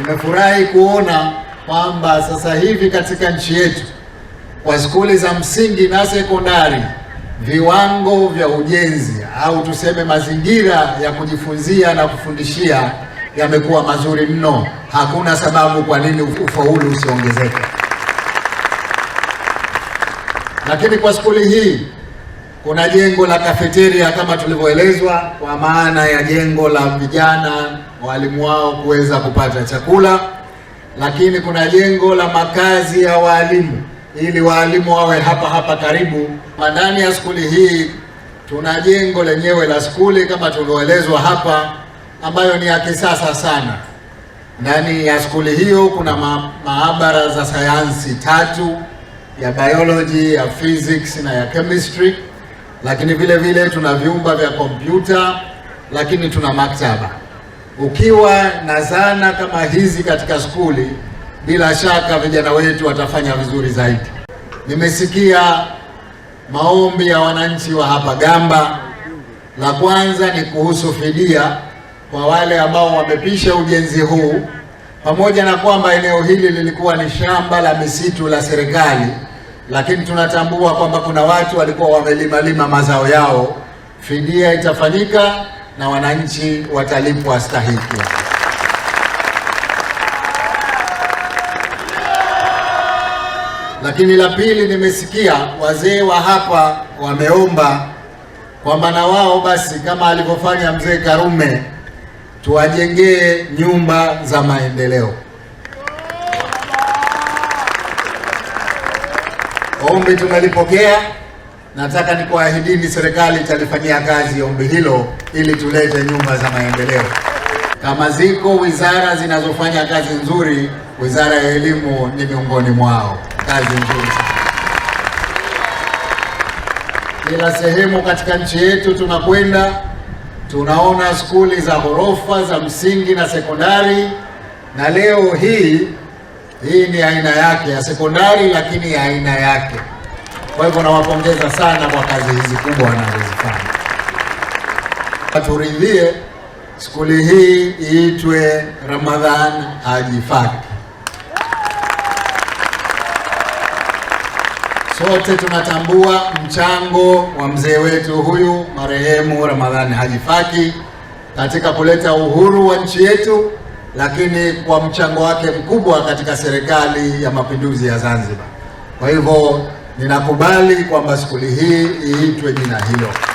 Nimefurahi kuona kwamba sasa hivi katika nchi yetu kwa skuli za msingi na sekondari viwango vya ujenzi au tuseme mazingira ya kujifunzia na kufundishia yamekuwa mazuri mno. Hakuna sababu kwa nini ufaulu usiongezeke. Lakini kwa skuli hii kuna jengo la kafeteria kama tulivyoelezwa, kwa maana ya jengo la vijana walimu wao kuweza kupata chakula, lakini kuna jengo la makazi ya walimu ili walimu wawe hapa hapa karibu. Ndani ya skuli hii tuna jengo lenyewe la skuli kama tulivyoelezwa hapa, ambayo ni ya kisasa sana. Ndani ya skuli hiyo kuna ma maabara za sayansi tatu, ya biology, ya physics na ya chemistry lakini vile vile tuna vyumba vya kompyuta, lakini tuna maktaba. Ukiwa na zana kama hizi katika skuli, bila shaka vijana wetu watafanya vizuri zaidi. Nimesikia maombi ya wananchi wa hapa Gamba. La kwanza ni kuhusu fidia kwa wale ambao wamepisha ujenzi huu, pamoja na kwamba eneo hili lilikuwa ni shamba la misitu la serikali lakini tunatambua kwamba kuna watu walikuwa wamelimalima mazao yao, fidia itafanyika na wananchi watalipwa stahiki. Lakini la pili, nimesikia wazee wa hapa wameomba kwamba na wao basi kama alivyofanya mzee Karume tuwajengee nyumba za maendeleo. Ombi tumelipokea. Nataka nikuahidini, serikali italifanyia kazi ombi hilo ili tulete nyumba za maendeleo. Kama ziko wizara zinazofanya kazi nzuri, wizara ya elimu ni miongoni mwao. Kazi nzuri. Kila sehemu katika nchi yetu tunakwenda, tunaona skuli za ghorofa za msingi na sekondari, na leo hii hii ni aina yake ya sekondari, lakini ya aina yake. Kwa hivyo nawapongeza sana kwa kazi hizi kubwa wanazozifanya. Turidhie skuli hii iitwe Ramadhan Haji Sote tunatambua mchango wa mzee wetu huyu marehemu Ramadhan Haji katika kuleta uhuru wa nchi yetu lakini kwa mchango wake mkubwa katika serikali ya mapinduzi ya Zanzibar. Kwa hivyo ninakubali kwamba skuli hii iitwe jina hilo.